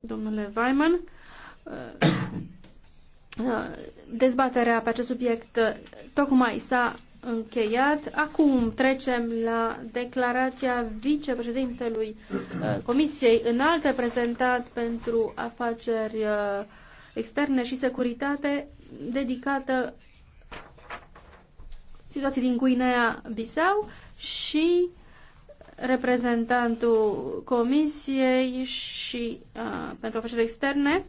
domnule Weiman. Uh, uh, dezbaterea pe acest subiect uh, tocmai s-a încheiat. Acum trecem la declarația vicepreședintelui Comisiei înalte prezentat pentru afaceri externe și securitate dedicată situației din Guinea-Bissau și reprezentantul Comisiei și uh, pentru afaceri externe.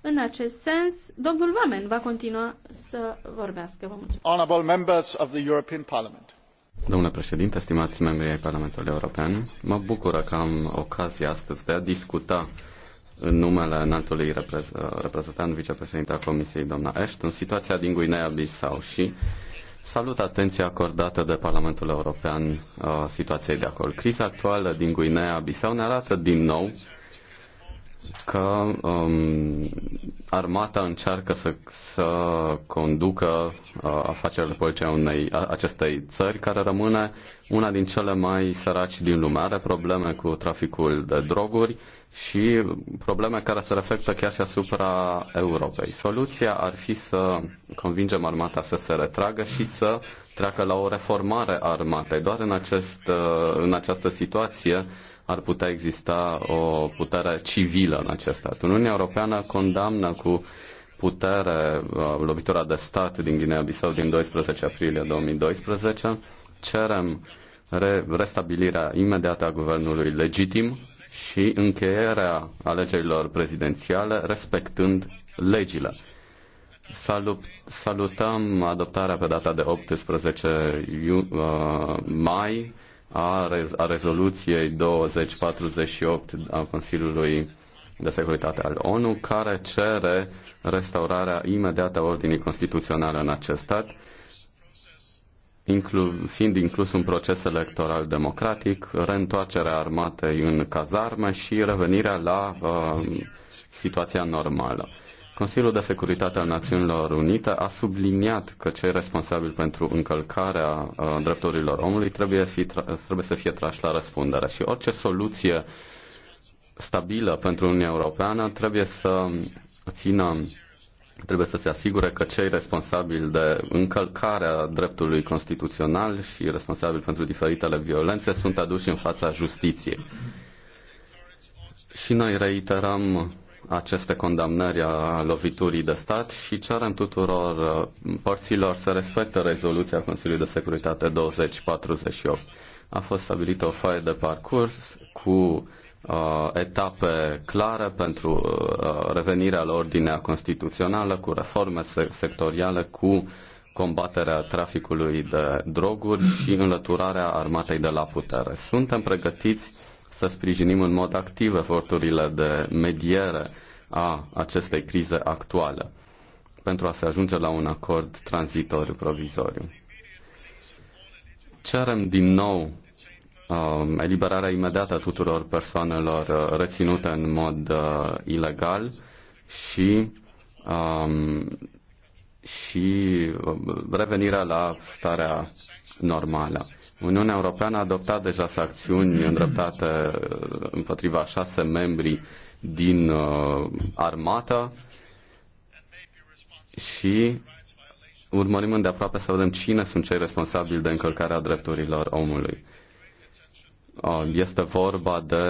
În acest sens, domnul Vamen va continua să vorbească. Vă mulțumesc. Honorable members of the European Parliament. Domnule președinte, stimați membri ai Parlamentului European, mă bucură că am ocazia astăzi de a discuta în numele înaltului reprezentant, vicepreședinte a Comisiei, doamna Ashton, situația din Guinea Bissau și Salut atenția acordată de Parlamentul European uh, situației de acolo. Criza actuală din Guinea-Bissau ne arată din nou că um, armata încearcă să, să conducă uh, afacerile politice unei, a, acestei țări, care rămâne una din cele mai săraci din lume. Are probleme cu traficul de droguri și probleme care se reflectă chiar și asupra Europei. Soluția ar fi să convingem armata să se retragă și să treacă la o reformare a armatei. Doar în, acest, uh, în această situație uh, ar putea exista o putere civilă în acest stat. Uniunea Europeană condamnă cu putere uh, lovitura de stat din Guinea-Bissau din 12 aprilie 2012. Cerem re- restabilirea imediată a guvernului legitim și încheierea alegerilor prezidențiale respectând legile. Salut, salutăm adoptarea pe data de 18 uh, mai a, rez- a rezoluției 2048 a Consiliului de Securitate al ONU, care cere restaurarea imediată a ordinii constituționale în acest stat, inclu- fiind inclus un proces electoral democratic, reîntoarcerea armatei în cazarmă și revenirea la uh, situația normală. Consiliul de Securitate al Națiunilor Unite a subliniat că cei responsabili pentru încălcarea uh, drepturilor omului trebuie, fi trebuie să fie trași la răspundere și orice soluție stabilă pentru Uniunea Europeană trebuie să țină trebuie să se asigure că cei responsabili de încălcarea dreptului constituțional și responsabili pentru diferitele violențe sunt aduși în fața justiției. Și noi reiterăm aceste condamnări a loviturii de stat și cerem tuturor uh, părților să respecte rezoluția Consiliului de Securitate 2048. A fost stabilită o foaie de parcurs cu uh, etape clare pentru uh, revenirea la ordinea constituțională, cu reforme sectoriale, cu combaterea traficului de droguri și înlăturarea armatei de la putere. Suntem pregătiți să sprijinim în mod activ eforturile de mediere a acestei crize actuale pentru a se ajunge la un acord tranzitoriu provizoriu. Cerem din nou uh, eliberarea imediată a tuturor persoanelor uh, reținute în mod uh, ilegal și um, și uh, revenirea la starea normală. Uniunea Europeană a adoptat deja sancțiuni îndreptate uh, împotriva șase membri din uh, armată și urmărim îndeaproape să vedem cine sunt cei responsabili de încălcarea drepturilor omului. Uh, este vorba de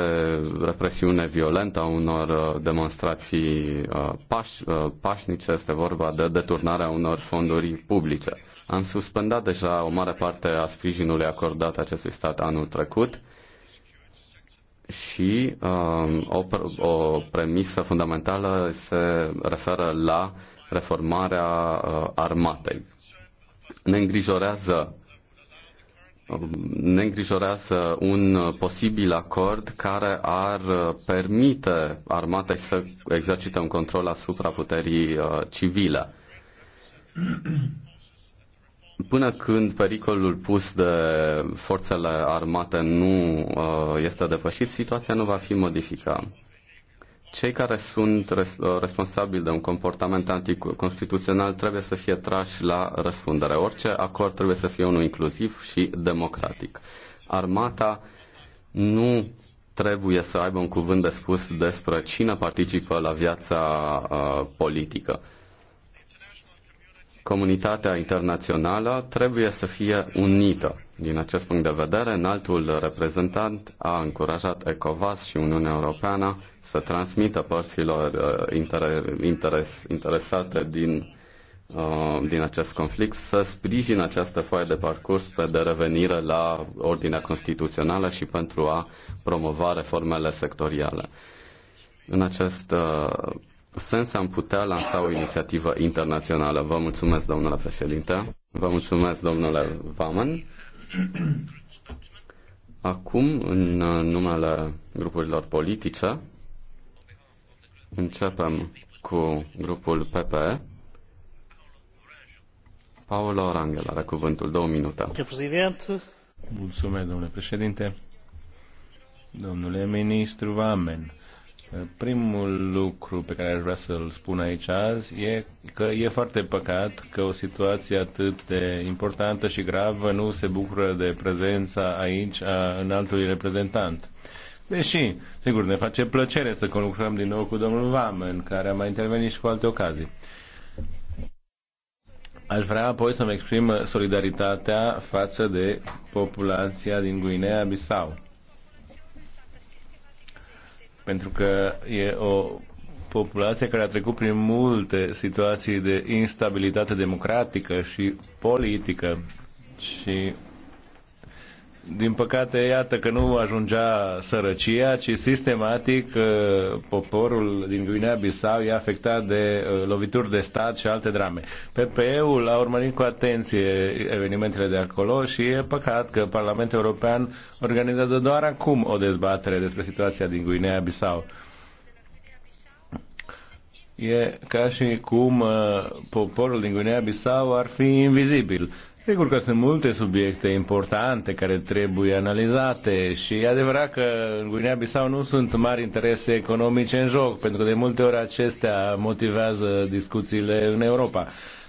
represiune violentă a unor uh, demonstrații paș, pașnice, este vorba de deturnarea unor fonduri publice. Am suspendat deja o mare parte a sprijinului acordat acestui stat anul trecut și um, o, o premisă fundamentală se referă la reformarea uh, armatei. Ne îngrijorează um, ne îngrijorează un posibil acord care ar permite armatei să exercite un control asupra puterii uh, civile. Până când pericolul pus de forțele armate nu uh, este depășit, situația nu va fi modificată. Cei care sunt uh, responsabili de un comportament anticonstituțional trebuie să fie trași la răspundere. Orice acord trebuie să fie unul inclusiv și democratic. Armata nu trebuie să aibă un cuvânt de spus despre cine participă la viața uh, politică comunitatea internațională trebuie să fie unită. Din acest punct de vedere, înaltul reprezentant a încurajat ECOVAS și Uniunea Europeană să transmită părților uh, interes, interesate din, uh, din acest conflict să sprijină această foaie de parcurs pe de revenire la ordinea constituțională și pentru a promova reformele sectoriale. În acest uh, sens am putea lansa o inițiativă internațională. Vă mulțumesc, domnule președinte. Vă mulțumesc, domnule Vaman. Acum, în numele grupurilor politice, începem cu grupul PPE. Paolo Rangel are cuvântul, două minute. Mulțumesc, domnule președinte. Domnule ministru Vamen, Primul lucru pe care aș vrea să-l spun aici azi e că e foarte păcat că o situație atât de importantă și gravă nu se bucură de prezența aici a înaltului reprezentant. Deși, sigur, ne face plăcere să conlucrăm din nou cu domnul Vamen, care a mai intervenit și cu alte ocazii. Aș vrea apoi să-mi exprim solidaritatea față de populația din Guinea-Bissau pentru că e o populație care a trecut prin multe situații de instabilitate democratică și politică și din păcate, iată că nu ajungea sărăcia, ci sistematic uh, poporul din Guinea-Bissau e afectat de uh, lovituri de stat și alte drame. PPE-ul a urmărit cu atenție evenimentele de acolo și e păcat că Parlamentul European organizează doar acum o dezbatere despre situația din Guinea-Bissau. E ca și cum uh, poporul din Guinea-Bissau ar fi invizibil. Sigur că sunt multe subiecte importante care trebuie analizate și e adevărat că în Guinea-Bissau nu sunt mari interese economice în joc, pentru că de multe ori acestea motivează discuțiile în Europa.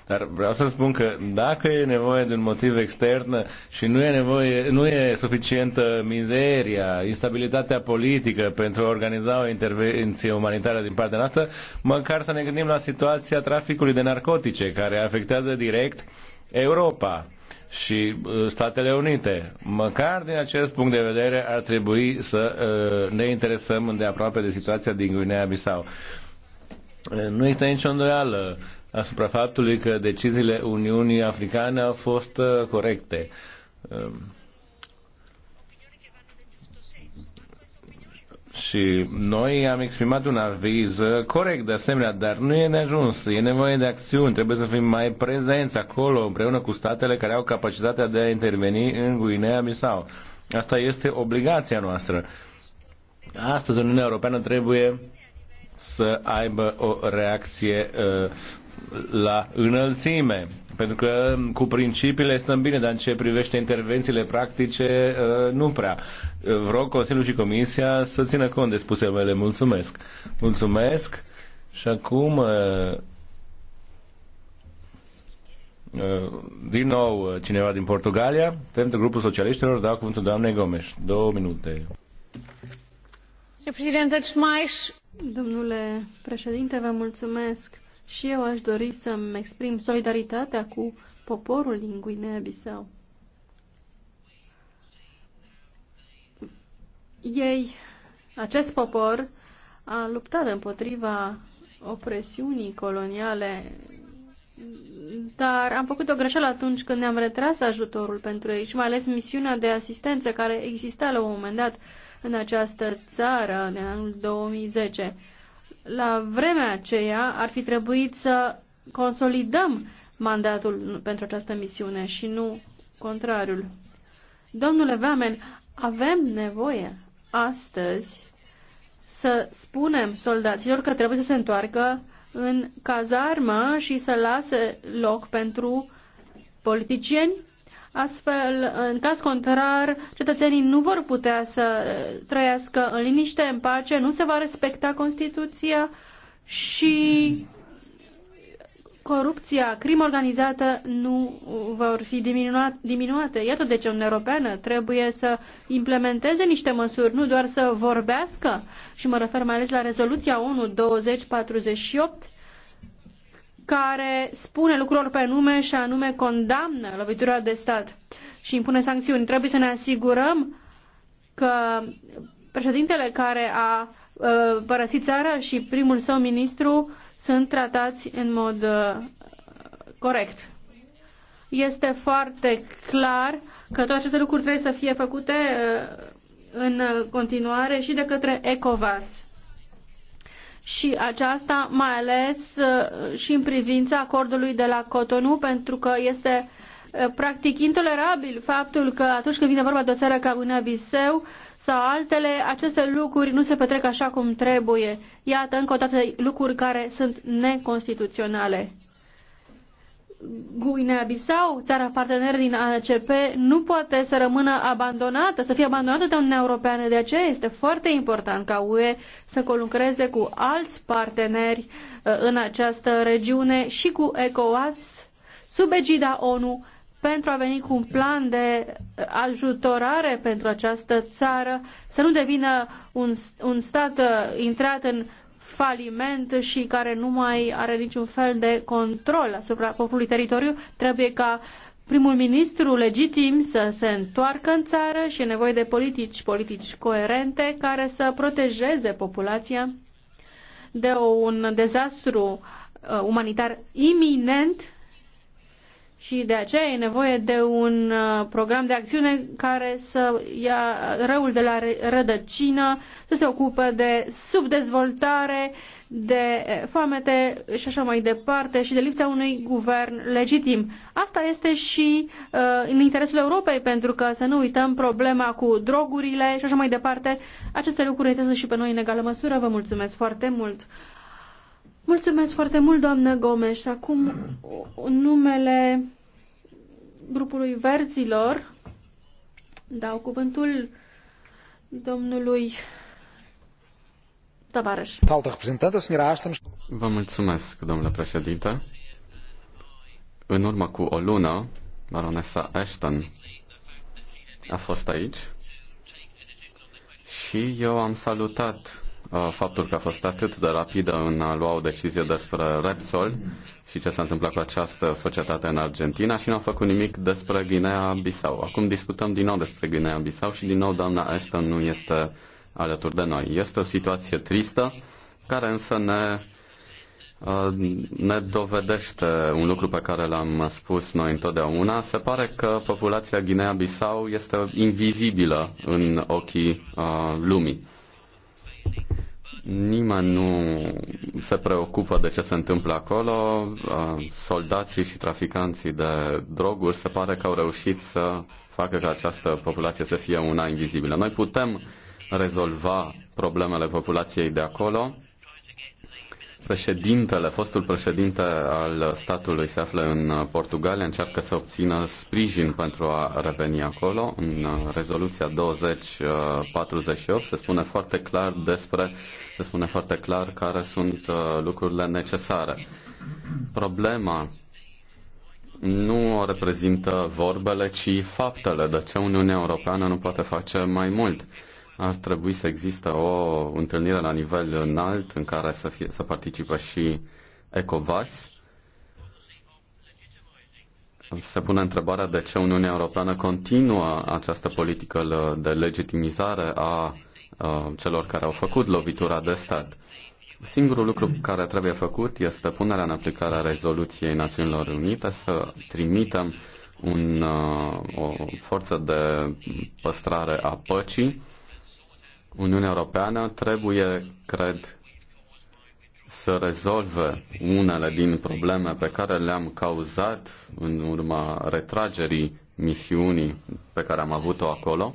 Dar vreau să spun că dacă e nevoie de un motiv extern și nu e, nevoie, nu e suficientă mizeria, instabilitatea politică pentru a organiza o intervenție umanitară din partea noastră, măcar să ne gândim la situația traficului de narcotice, care afectează direct Europa și uh, Statele Unite. Măcar din acest punct de vedere ar trebui să uh, ne interesăm îndeaproape de situația din Guinea-Bissau. Uh, nu este nicio îndoială asupra faptului că deciziile Uniunii Africane au fost corecte. Și noi am exprimat un aviz corect de asemenea, dar nu e neajuns. E nevoie de acțiuni. Trebuie să fim mai prezenți acolo împreună cu statele care au capacitatea de a interveni în Guinea Bissau. Asta este obligația noastră. Astăzi Uniunea Europeană trebuie să aibă o reacție uh, la înălțime, pentru că cu principiile stăm bine, dar în ce privește intervențiile practice, uh, nu prea. Vreau uh, Consiliul și Comisia să țină cont de spusele mele. Mulțumesc! Mulțumesc! Și acum, uh, din nou, cineva din Portugalia, pentru grupul socialiștilor, dau cuvântul doamnei Gomes. Două minute. Domnule președinte, vă mulțumesc și eu aș dori să-mi exprim solidaritatea cu poporul din Guinea-Bissau. Ei, acest popor, a luptat împotriva opresiunii coloniale, dar am făcut o greșeală atunci când ne-am retras ajutorul pentru ei și mai ales misiunea de asistență care exista la un moment dat în această țară în anul 2010 la vremea aceea ar fi trebuit să consolidăm mandatul pentru această misiune și nu contrariul. Domnule Vamen, avem nevoie astăzi să spunem soldaților că trebuie să se întoarcă în cazarmă și să lase loc pentru politicieni Astfel, în caz contrar, cetățenii nu vor putea să trăiască în liniște, în pace, nu se va respecta Constituția și corupția, crimă organizată nu vor fi diminuate. Iată de ce Uniunea Europeană trebuie să implementeze niște măsuri, nu doar să vorbească, și mă refer mai ales la rezoluția 1 2048 care spune lucrurilor pe nume și anume condamnă lovitura de stat și impune sancțiuni. Trebuie să ne asigurăm că președintele care a uh, părăsit țara și primul său ministru sunt tratați în mod uh, corect. Este foarte clar că toate aceste lucruri trebuie să fie făcute uh, în continuare și de către ECOVAS și aceasta mai ales uh, și în privința acordului de la Cotonou, pentru că este uh, practic intolerabil faptul că atunci când vine vorba de o țară ca guinea biseu sau altele, aceste lucruri nu se petrec așa cum trebuie. Iată, încă o dată, lucruri care sunt neconstituționale. Guinea-Bissau, țara partener din ACP, nu poate să rămână abandonată, să fie abandonată de Uniunea Europeană. De aceea este foarte important ca UE să colucreze cu alți parteneri uh, în această regiune și cu ECOWAS sub egida ONU pentru a veni cu un plan de ajutorare pentru această țară, să nu devină un, un stat uh, intrat în faliment și care nu mai are niciun fel de control asupra propriului teritoriu, trebuie ca primul ministru legitim să se întoarcă în țară și e nevoie de politici, politici coerente care să protejeze populația de un dezastru uh, umanitar iminent și de aceea e nevoie de un uh, program de acțiune care să ia răul de la rădăcină, să se ocupe de subdezvoltare, de eh, foamete și așa mai departe și de lipsa unui guvern legitim. Asta este și uh, în interesul Europei, pentru că să nu uităm problema cu drogurile și așa mai departe. Aceste lucruri ne și pe noi în egală măsură. Vă mulțumesc foarte mult! Mulțumesc foarte mult, doamnă Gomes. Acum, numele grupului verzilor, dau cuvântul domnului Tavares. Vă mulțumesc, domnule președinte. În urmă cu o lună, baronesa Ashton a fost aici și eu am salutat Uh, faptul că a fost atât de rapidă în a lua o decizie despre Repsol și ce s-a întâmplat cu această societate în Argentina și n-a făcut nimic despre Guinea-Bissau. Acum discutăm din nou despre Guinea-Bissau și din nou doamna Ashton nu este alături de noi. Este o situație tristă care însă ne uh, ne dovedește un lucru pe care l-am spus noi întotdeauna. Se pare că populația Guinea-Bissau este invizibilă în ochii uh, lumii. Nimeni nu se preocupă de ce se întâmplă acolo. Soldații și traficanții de droguri se pare că au reușit să facă ca această populație să fie una invizibilă. Noi putem rezolva problemele populației de acolo Președintele, fostul președinte al statului se află în Portugalia, încearcă să obțină sprijin pentru a reveni acolo. În rezoluția 2048 se spune foarte clar despre, se spune foarte clar care sunt uh, lucrurile necesare. Problema nu o reprezintă vorbele, ci faptele. De ce Uniunea Europeană nu poate face mai mult? ar trebui să existe o întâlnire la nivel înalt în care să, fie, să participe și ECOVAS. Se pune întrebarea de ce Uniunea Europeană continuă această politică de legitimizare a celor care au făcut lovitura de stat. Singurul lucru care trebuie făcut este punerea în aplicare a rezoluției Națiunilor Unite, să trimitem un, o forță de păstrare a păcii Uniunea Europeană trebuie, cred, să rezolve unele din probleme pe care le-am cauzat în urma retragerii misiunii pe care am avut-o acolo,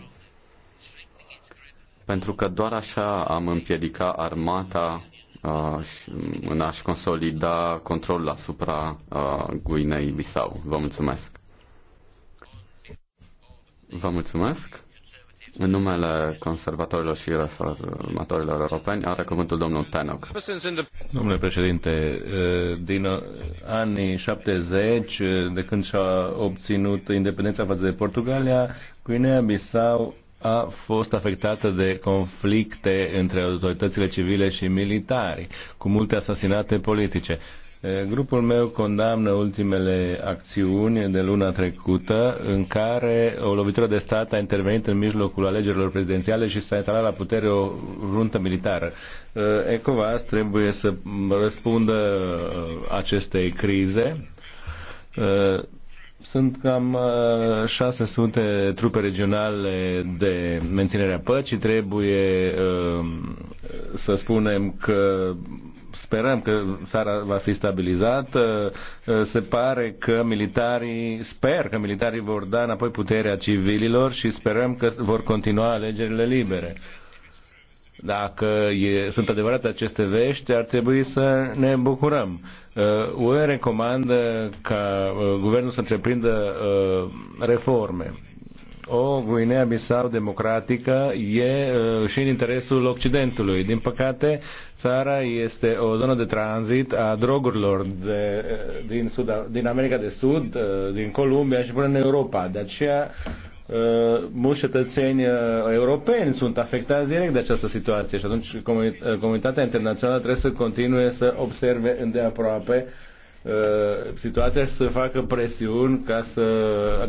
pentru că doar așa am împiedica armata uh, în a-și consolida controlul asupra uh, Guinei Bissau. Vă mulțumesc! Vă mulțumesc! În numele conservatorilor și reformatorilor europeni are cuvântul domnul Tanok. Domnule președinte, din anii 70, de când și-a obținut independența față de Portugalia, Guinea-Bissau a fost afectată de conflicte între autoritățile civile și militari, cu multe asasinate politice. Grupul meu condamnă ultimele acțiuni de luna trecută în care o lovitură de stat a intervenit în mijlocul alegerilor prezidențiale și s-a instalat la putere o runtă militară. ECOVAS trebuie să răspundă uh, acestei crize. Sunt cam 600 uh, trupe regionale de menținere a păcii. Trebuie uh, să spunem că sperăm că țara va fi stabilizată. Eh, se pare că militarii, sper că militarii vor da înapoi puterea civililor și sperăm că vor continua alegerile libere. Dacă e, sunt adevărate aceste vești, ar trebui să ne bucurăm. Eh, UE recomandă ca eh, guvernul să întreprindă reforme o Guinea Bissau democratică e uh, și în interesul Occidentului. Din păcate, țara este o zonă de tranzit a drogurilor de, uh, din, Sud, din America de Sud, uh, din Columbia și până în Europa. De aceea, mulți cetățeni europeni sunt afectați direct de această situație și atunci comunitatea internațională trebuie să continue să observe îndeaproape uh, Uh, situația și să facă presiuni ca, să,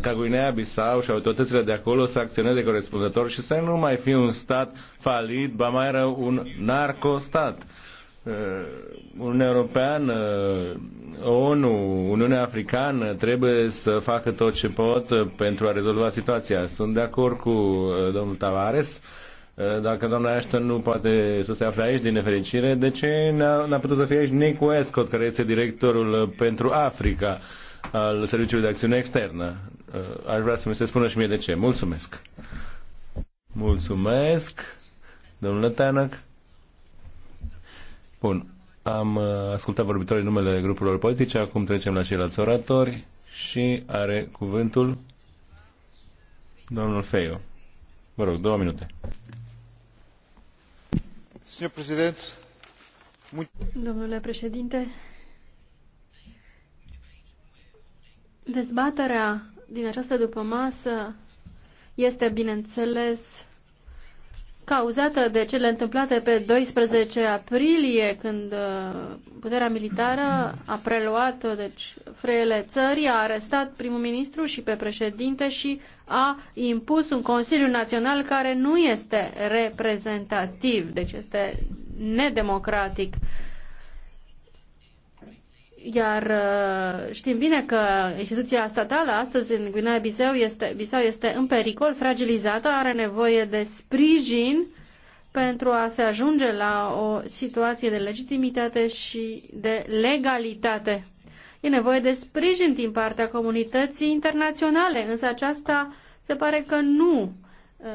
ca Guinea Bissau și autoritățile de acolo să acționeze corespunzător și să nu mai fie un stat falit, ba mai era un narcostat. Uh, Uniunea Europeană, ONU, Uniunea Africană trebuie să facă tot ce pot pentru a rezolva situația. Sunt de acord cu uh, domnul Tavares Eh, dacă doamna Ashton nu poate să se afle aici, din nefericire, de ce n-a, putut să fie aici Nick Westcott, care este directorul eh, pentru Africa al Serviciului de Acțiune Externă? Eh, aș vrea să mi se spună și mie de ce. Mulțumesc! Mulțumesc, domnule Tanac. Bun, am ascultat vorbitorii numele grupurilor politice, acum trecem la ceilalți oratori și are cuvântul domnul Feio. Vă rog, două minute. Domnule președinte, dezbaterea din această dupămasă este, bineînțeles, cauzată de cele întâmplate pe 12 aprilie, când uh, puterea militară a preluat uh, deci, freele țării, a arestat primul ministru și pe președinte și a impus un Consiliu Național care nu este reprezentativ, deci este nedemocratic. Uh, iar uh, știm bine că instituția statală astăzi în Guinea-Bissau este, Bissau este în pericol, fragilizată, are nevoie de sprijin pentru a se ajunge la o situație de legitimitate și de legalitate. E nevoie de sprijin din partea comunității internaționale, însă aceasta se pare că nu uh,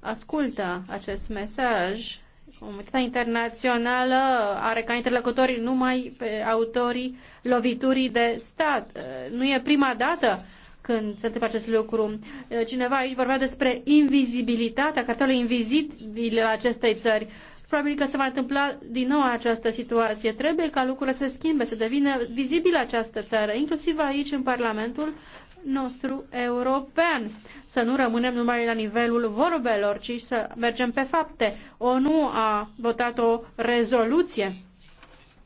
ascultă acest mesaj Comunitatea internațională are ca interlocutori numai pe autorii loviturii de stat. Nu e prima dată când se întâmplă acest lucru. Cineva aici vorbea despre invizibilitatea, cartelului invizibil al acestei țări. Probabil că se va întâmpla din nou această situație. Trebuie ca lucrurile să schimbe, să devină vizibilă această țară, inclusiv aici în Parlamentul nostru european. Să nu rămânem numai la nivelul vorbelor, ci să mergem pe fapte. ONU a votat o rezoluție.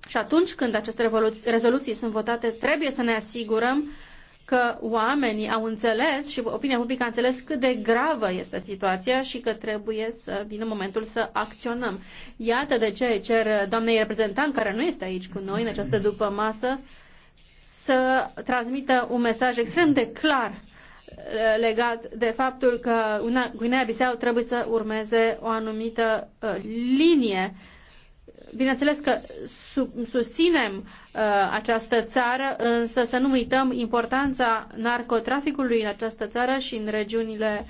Și atunci când aceste rezoluții sunt votate, trebuie să ne asigurăm că oamenii au înțeles și opinia publică a înțeles cât de gravă este situația și că trebuie să vină momentul să acționăm. Iată de ce cer doamnei reprezentant, care nu este aici cu noi în această după masă, să transmită un mesaj extrem de clar eh, legat de faptul că Guinea Bissau trebuie să urmeze o anumită eh, linie. Bineînțeles că susținem eh, această țară, însă să nu uităm importanța narcotraficului în această țară și în regiunile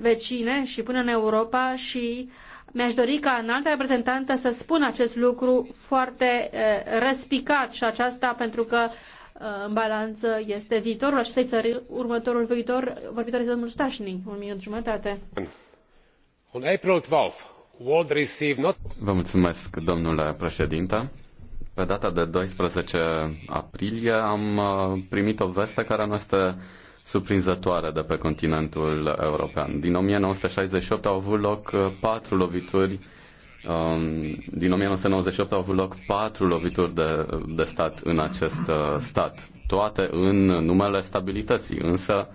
vecine și până în Europa și mi-aș dori ca înalta reprezentantă să spună acest lucru foarte eh, răspicat și aceasta pentru că eh, în balanță este viitorul acestei țări. Următorul viitor, vorbitor este domnul Stașni, un minut jumătate. On April 12, World received not... Vă mulțumesc, domnule președinte. Pe data de 12 aprilie am eh, primit o veste care nu este surprinzătoare de pe continentul european. Din 1968 au avut loc uh, patru lovituri um, din 1998 au avut loc patru lovituri de, de stat în acest uh, stat, toate în numele stabilității, însă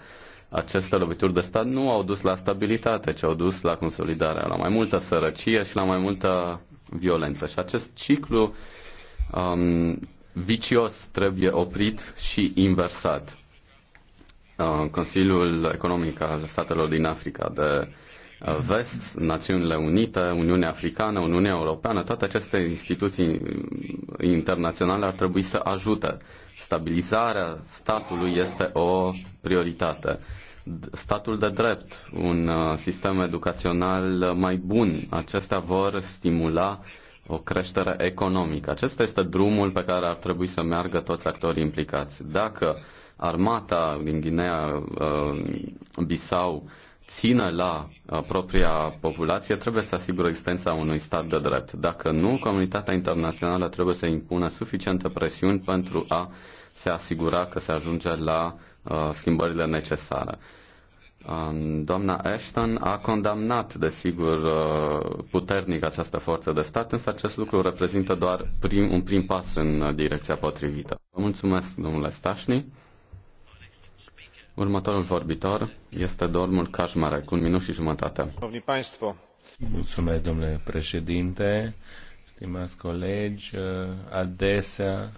aceste lovituri de stat nu au dus la stabilitate, ci au dus la consolidarea, la mai multă sărăcie și la mai multă violență. Și acest ciclu um, vicios trebuie oprit și inversat. Uh, Consiliul Economic al Statelor din Africa de uh, Vest, Națiunile Unite, Uniunea Africană, Uniunea Europeană, toate aceste instituții mm, internaționale ar trebui să ajute. Stabilizarea statului este o prioritate. Statul de drept, un uh, sistem educațional mai bun, acestea vor stimula o creștere economică. Acesta este drumul pe care ar trebui să meargă toți actorii implicați. Dacă uh, armata din Guinea uh, Bissau țină la uh, propria populație, trebuie să asigure existența unui stat de drept. Dacă nu, comunitatea internațională trebuie să impună suficientă presiuni pentru a se asigura că se ajunge la uh, schimbările necesare. Um, doamna Ashton a condamnat, desigur, puternic această forță de stat, însă acest lucru reprezintă doar prim, un prim pas în direcția potrivită. Vă mulțumesc, domnule Stașni. Următorul vorbitor este domnul Cașmarec, un minut și jumătate. Mulțumesc, domnule președinte, stimați colegi, adesea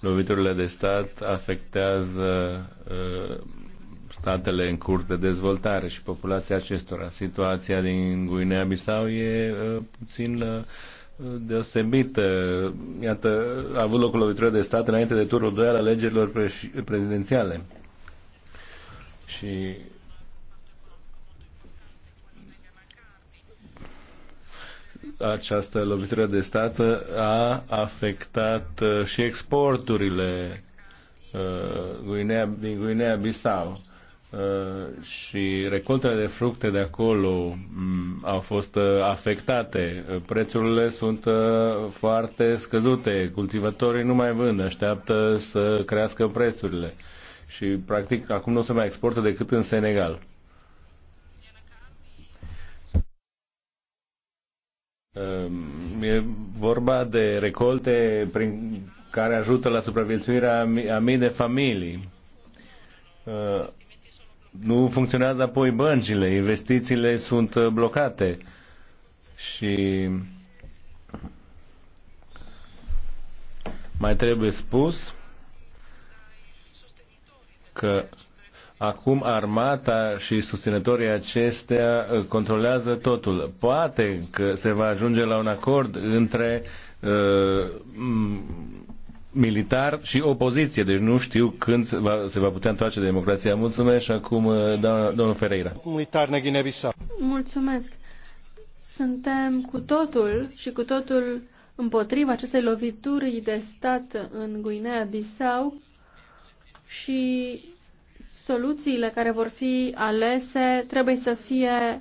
loviturile de stat afectează uh, statele în curs de dezvoltare și populația acestora. Situația din Guinea-Bissau e uh, puțin uh, deosebită. Iată, a avut loc o lovitură de stat înainte de turul 2 al alegerilor prezidențiale și această lovitură de stat a afectat uh, și exporturile uh, Guinea, din Guinea-Bissau uh, și recoltele de fructe de acolo mm, au fost afectate. Prețurile sunt foarte scăzute. Cultivatorii nu mai vând, așteaptă să crească prețurile și practic acum nu se mai exportă decât în Senegal. Ehm, e vorba de recolte prin care ajută la supraviețuirea a mii de familii. Ehm, nu funcționează apoi băncile, investițiile sunt uh, blocate și mai trebuie spus că acum armata și susținătorii acestea uh, controlează totul. Poate că se va ajunge la un acord între uh, militar și opoziție, deci nu știu când se va, se va putea întoarce democrația. Mulțumesc și acum uh, doamna, domnul Ferreira. Militar Mulțumesc. Suntem cu totul și cu totul împotriva acestei lovituri de stat în Guinea-Bissau și soluțiile care vor fi alese trebuie să fie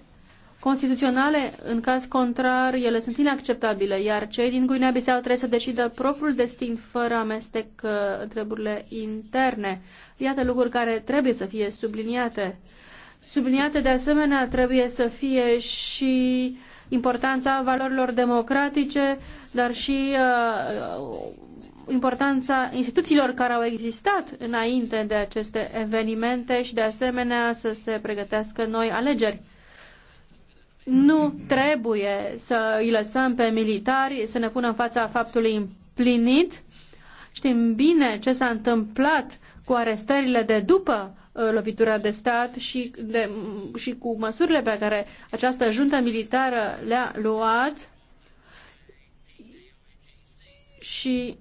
constituționale, în caz contrar, ele sunt inacceptabile, iar cei din Guinea-Bissau trebuie să decidă propriul destin fără amestec întrebările uh, interne. Iată lucruri care trebuie să fie subliniate. Subliniate de asemenea trebuie să fie și importanța valorilor democratice, dar și uh, importanța instituțiilor care au existat înainte de aceste evenimente și de asemenea să se pregătească noi alegeri. Nu trebuie să îi lăsăm pe militari să ne pună în fața faptului împlinit. Știm bine ce s-a întâmplat cu arestările de după uh, lovitura de stat și, de, și cu măsurile pe care această juntă militară le-a luat și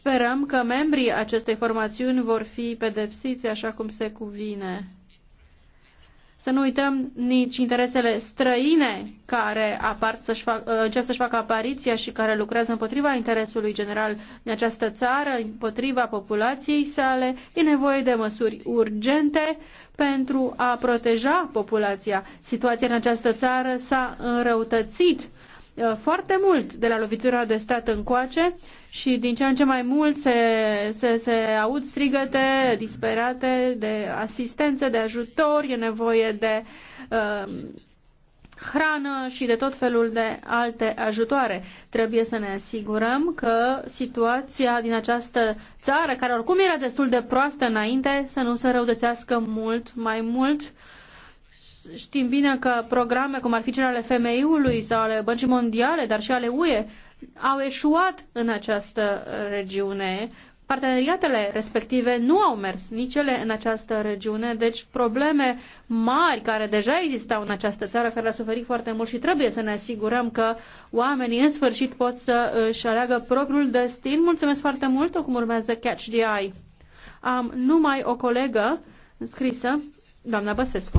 Sperăm că membrii acestei formațiuni vor fi pedepsiți așa cum se cuvine. Să nu uităm nici interesele străine care apar să-și fac, uh, încep să-și facă apariția și care lucrează împotriva interesului general în această țară, împotriva populației sale. E nevoie de măsuri urgente pentru a proteja populația. Situația în această țară s-a înrăutățit uh, foarte mult de la lovitura de stat încoace și din ce în ce mai mult se, se, se aud strigăte disperate de asistență, de ajutor, e nevoie de uh, hrană și de tot felul de alte ajutoare. Trebuie să ne asigurăm că situația din această țară, care oricum era destul de proastă înainte, să nu se răudățească mult mai mult. Știm bine că programe cum ar fi cele ale FMI-ului sau ale Băncii Mondiale, dar și ale UE, au eșuat în această regiune. Parteneriatele respective nu au mers nici ele în această regiune, deci probleme mari care deja existau în această țară, care a suferit foarte mult și trebuie să ne asigurăm că oamenii în sfârșit pot să își aleagă propriul destin. Mulțumesc foarte mult, cum urmează Catch the Eye. Am numai o colegă scrisă, doamna Băsescu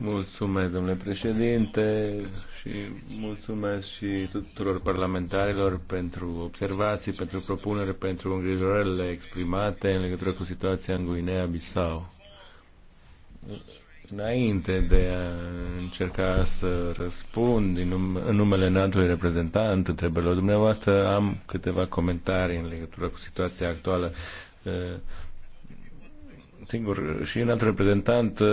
Mulțumesc, domnule președinte, și mulțumesc și tuturor parlamentarilor pentru observații, pentru propunere, pentru îngrijorările exprimate în legătură cu situația în Guinea-Bissau. Înainte de a încerca să răspund în, num- numele înaltului reprezentant întrebărilor dumneavoastră, am câteva comentarii în legătură cu situația actuală. Uh, singur și un alt reprezentant uh,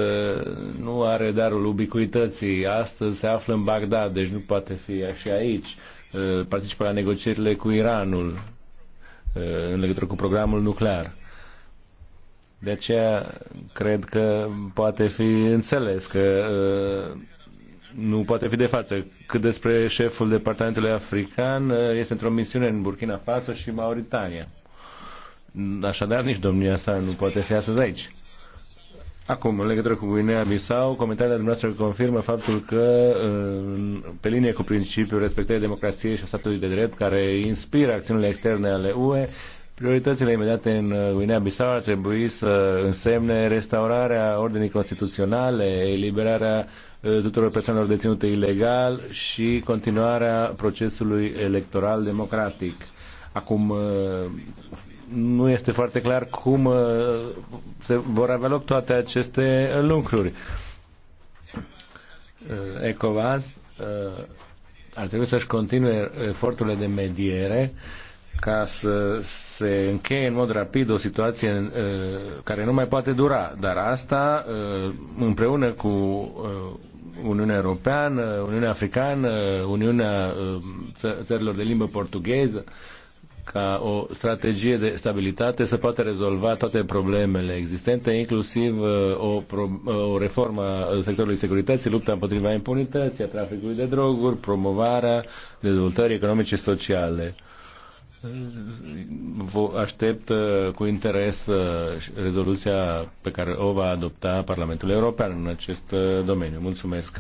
nu are darul ubicuității. Astăzi se află în Bagdad, deci nu poate fi și aici. Uh, participă la negocierile cu Iranul uh, în legătură cu programul nuclear. De aceea cred că poate fi înțeles că nu poate fi de față. Cât despre șeful departamentului african, este într-o misiune în Burkina Faso și Mauritania. Așadar, nici domnia sa nu poate fi astăzi aici. Acum, în legătură cu Guinea-Bissau, comentariile dumneavoastră confirmă faptul că, pe linie cu principiul respectării democrației și a statului de drept, care inspiră acțiunile externe ale UE, prioritățile imediate în Guinea-Bissau ar trebui să însemne restaurarea ordinii constituționale, eliberarea tuturor persoanelor deținute ilegal și continuarea procesului electoral democratic. Acum, nu este foarte clar cum uh, se vor avea loc toate aceste lucruri. Uh, ECOVAS uh, ar trebui să-și continue eforturile de mediere ca să se încheie în mod rapid o situație care nu mai poate dura. Dar asta, împreună cu Uniunea Europeană, Uniunea Africană, Uniunea țărilor de limbă portugheză, ca o strategie de stabilitate să poată rezolva toate problemele existente, inclusiv uh, o, uh, o reformă a sectorului securității, lupta împotriva impunității, a traficului de droguri, promovarea dezvoltării economice și sociale aștept uh, cu interes uh, rezoluția pe care o va adopta Parlamentul European în acest uh, domeniu. Mulțumesc!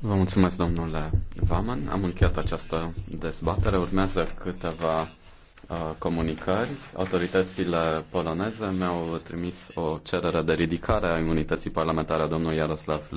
Vă mulțumesc, domnule Vaman. Am încheiat această dezbatere. Urmează câteva comunicări. Autoritățile poloneze mi-au trimis o cerere de ridicare a imunității parlamentare a domnului Jaroslav Les.